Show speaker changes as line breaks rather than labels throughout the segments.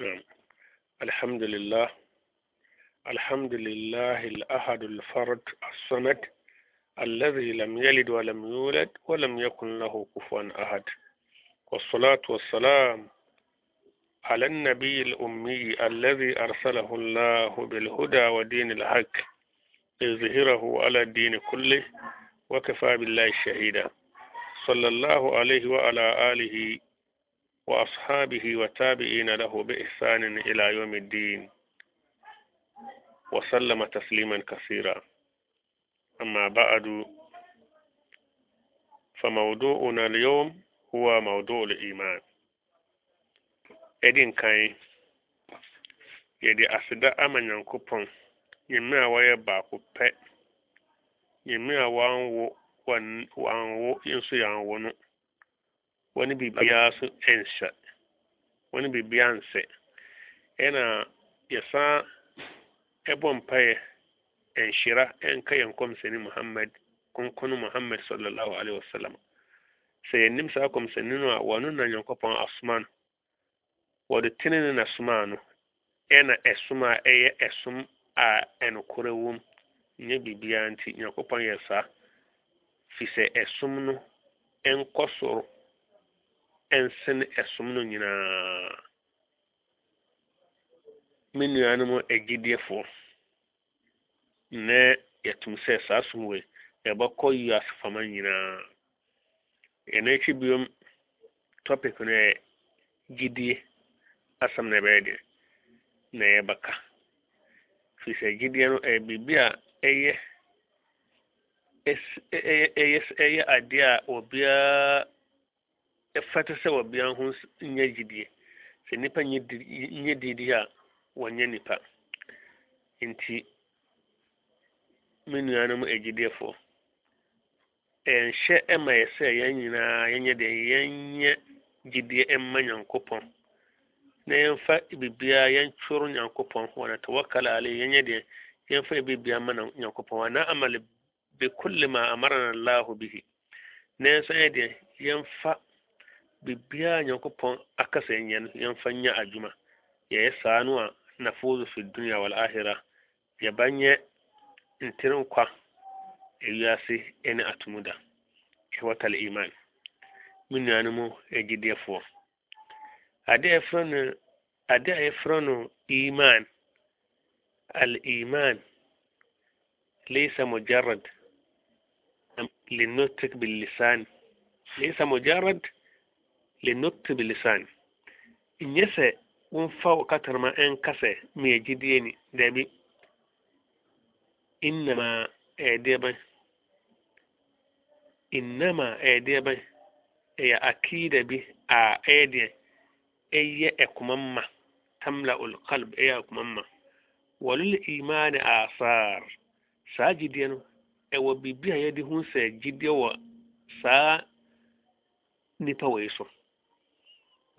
نعم الحمد لله الحمد لله الأحد الفرد الصمد الذي لم يلد ولم يولد ولم يكن له كفوا أحد والصلاة والسلام على النبي الأمي الذي أرسله الله بالهدى ودين الحق ليظهره على الدين كله وكفى بالله شهيدا صلى الله عليه وعلى آله وأصحابه وتابعين له بإحسان إلى يوم الدين وسلم تسليما كثيرا أما بعد فموضوعنا اليوم هو موضوع الإيمان إدين كاين yɛde aseda من nyankopɔn nyame a wɔyɛ baako pɛ nyame a wanwo wani bibiya su ensha wani bibiya nse yana yasa ebon mpaye enshira en kayan komsani muhammad kunkunu muhammad sallallahu alaihi wasallam sai nim sa komsani no wanu na nyankopon asman wadu tinene na sumanu ena esuma eye esum a enokore wom nye bibiya nti nyankopon yasa fi sɛ ɛsom no ɛnkɔ soro ɛnsene ɛsom no nyinaa me nuanom agyidiefoɔ na yɛtum sɛ saa som wei yɛbɛkɔ yi fama nyinaa yɛn akyi biom topic no yɛ gyidie asɛm na ɛbɛyɛ deɛ na yɛbɛka firi sɛ gyidie no ɛyɛ biribi a ɛyɛ ɛyɛ ɛyɛ adeɛ a obiara ɛfata sɛ ɔbea ho nyɛ gyidie sɛ nipa nyɛ didi a wɔnyɛ nipa nti me nuanom agyidiefoɔ ɛnhyɛ e ɛma e yɛ sɛ yɛn nyinaa yɛnyɛ deɛ yɛnyɛ gyidie mma e nyankopɔn na yɛmfa biribiara yɛntworo nyankopɔn ho ana tawakala ale yɛnyɛ deɛ yɛmfa biribiara ma nyankopɔn ana amale bi kulli ma amarana allahu bihi nanso ɛyɛ deɛ yɛmfa biribiara nyankopɔn aka sɛ ɛnyɛ yɛmfa nyɛ adwuma yɛyɛ saa no a nafozo fi dunia wal ahira yɛba nyɛ ntere nkwa ewiase ɛne atomuda ɛwɔtale iman me nuanom agyidiɛfoɔ ade a yɛfrɛ no ade a yɛfrɛ no iman al iman leisa mujarad للنطق باللسان leisa mujarad lenottu bilisan nyɛ sɛ wɔmfa wo katarema ɛnka sɛ meyɛ gyidie ni daabi innama ɛyɛ deɛ bɛn innama ɛyɛ deɛ bɛn ɛyɛ akida bi a ɛyɛ deɛ ɛyɛ ɛkoma ma tamla olkalb ɛyɛ ɛkoma ma wɔlele imaani asaar saa gyidie no ɛwɔ biribi a yɛde ho sɛ gyidie wɔ saa nipa wɔ yi so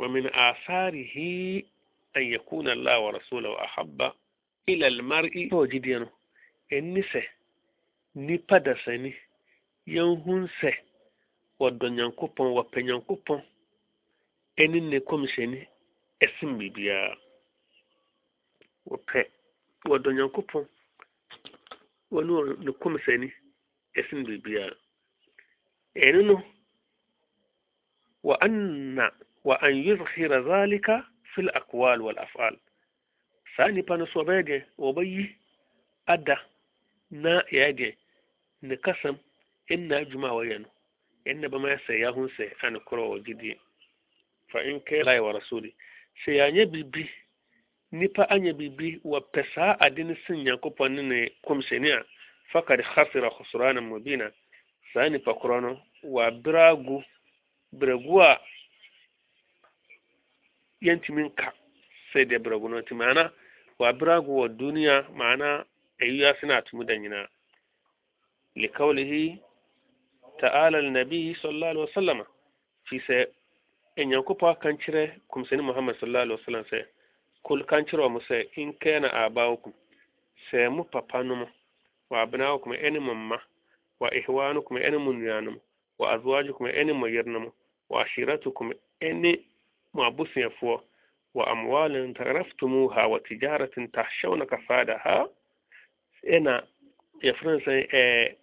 ومن آثاره أن يكون الله ورسوله أحب إلى المرء توجدينه النساء نبدسني ينهنسه wɔdɔ nyankopɔn wɔpɛ nyankopɔn ɛne ne kɔmhyɛni ɛsen biribiara wɔpɛ wɔdɔ nyankopɔn wɔne ne kɔmhyɛni ɛsen biribiara ɛne no wɔ anna وأن يظهر ذلك في الأقوال والأفعال ثاني بانسو بيدي وبي أدى نا يدي نقسم إن جمع وينو إن بما سيهون سي أنا كرو وجدي فإن كي لا ورسولي سياني بيبي nipa anya bibi wɔpɛ saa ade no sen nyankopɔn ne ne kɔmhyɛni a fakad khasira khusranan mubina saa nipa korɔ no a yantimin ka sai da bira wata ma'ana wa bira wa duniya ma'ana ayyuya suna tumu da nyina likaulihi ta'ala nabi sallallahu alaihi wasallam fi sai in yanku fa kan cire kumsani muhammad sallallahu alaihi wasallam sai kul kan cire mu sai in ba abawukum sai mu papa numu wa kuma eni mamma wa ihwanukum eni munyanum wa azwajukum eni mayirnum wa kuma eni mo abusuafoɔ wɔ amwalen taraftumuha wɔ tijaratin tahshawna kafadaha ɛna yɛfrɛ no sɛ ɛɛ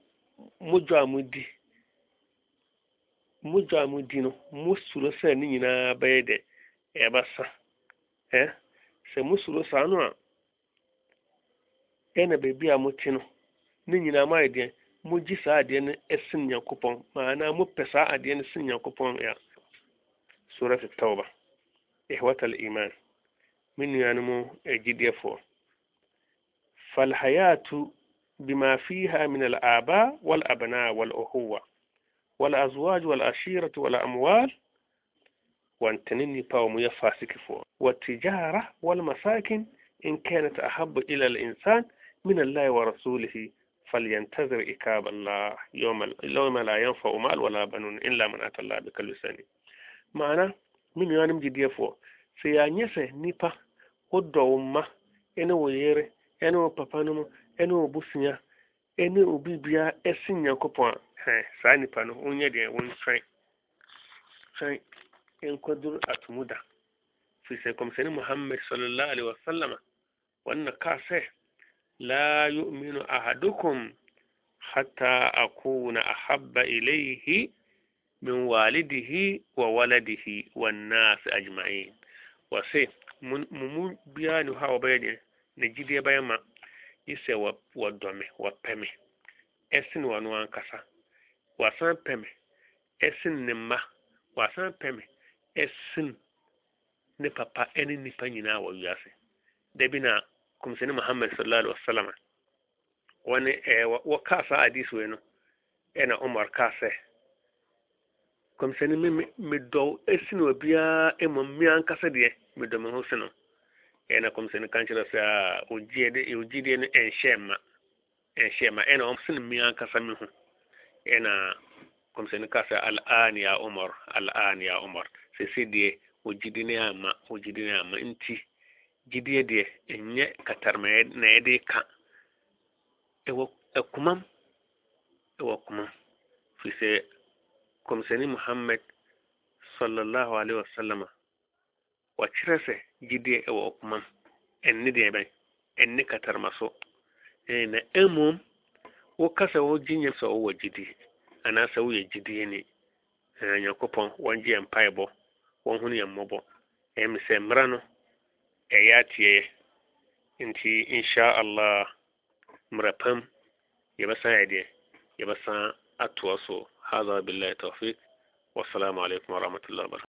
modwo a modi modwo a modi no mosuro sɛ ne nyinaa bɛyɛ dɛ ɛbɛsa ɛ sɛ mosuro saa no a ɛna baabi a mote no ne nyinaa moayɛ deɛ mogye saa adeɛ no sen nyankopɔn maanaa mopɛ saa adeɛ no sen nyankopɔn a سورة التوبة إخوة الإيمان من ينمو أجد يفو فالحياة بما فيها من الآباء والأبناء والأخوة والأزواج والأشيرة والأموال وانتنين باوم يفاسك فور والتجارة والمساكن إن كانت أحب إلى الإنسان من الله ورسوله فلينتظر إكاب الله يوم, يوم لا ينفع مال ولا بنون إلا من أتى الله بكل سنين maana me nuanom gyidiefoɔ sɛ yɛanyɛ sɛ nnipa wodɔ wo mma ne wo yere ne wo papa no mu ne wo busua ne obi biara ɛsi nyankopɔn a hɛn saa nnipa no wonyɛ deɛ wɔntwɛn twɛn nkɔduru atomu da firi sɛ kɔmsɛne muhammad sallallahu alaihi wasallam wannan ka sɛ la yu'minu ahadukum hatta akuna ahabba ilayhi min walidihi wa waladihi wa nnaasi ajma'in wɔse mo mu biara ne hɔ a wɔbɛyɛ deɛ nagyideɛ bɛyɛ ma yi sɛ wɔdɔ me wɔpɛ me ɛse ne wɔno ankasa wasan pɛ me ɛse ne mma wasan pɛ me ɛse ne papa ɛne nipa nyinaa wɔ wiase dabi na komisɛni muhammad sallallahu alaihi wasallam wɔne ɛɛ eh, wɔkaa saa adiisi wei no umar kaa kɔmhyɛne me medɔ asi no obiara mmom me ankasa deɛ medɔ me ho se no ɛna kɔmhyɛne ka nkyerɛ sɛ a ogyideɛ no ɛnhyɛ ma ɛnhyɛ ma ɛna ɔm sene me ankasa me ho ɛna kɔmhyɛne ka sɛ al'an ya umar al'an ya umar sɛse deɛ ogyidi ne ama ogyidi ne ama nti gyideɛ deɛ ɛnyɛ katarma na yɛde ka ɛwɔ ɛkomam ɛwɔ kuma firi sɛ komseni muhammad sallallahu alaihi wasallama wakyerɛsɛ gyideɛ ɛwɔ ɔkoma m ɛnne deɛ bɛn ɛnne katarmaso na mmom woka sɛ wogye nyam sɛ wowɔ gyidie anaasɛ woyɛ gyidie ni nyankopɔn wɔngye yɛ mpaebɔ wɔnhono yɛ mmɔbɔ ɛmi sɛ mmara no ɛyɛ ateɛ nti inshallah mmara pam yɛbɛsan yɛ deɛ yɛbɛsan atoa so hadha billahi tawfiq wassalamu alaikum warahmatullahi wabarakatuh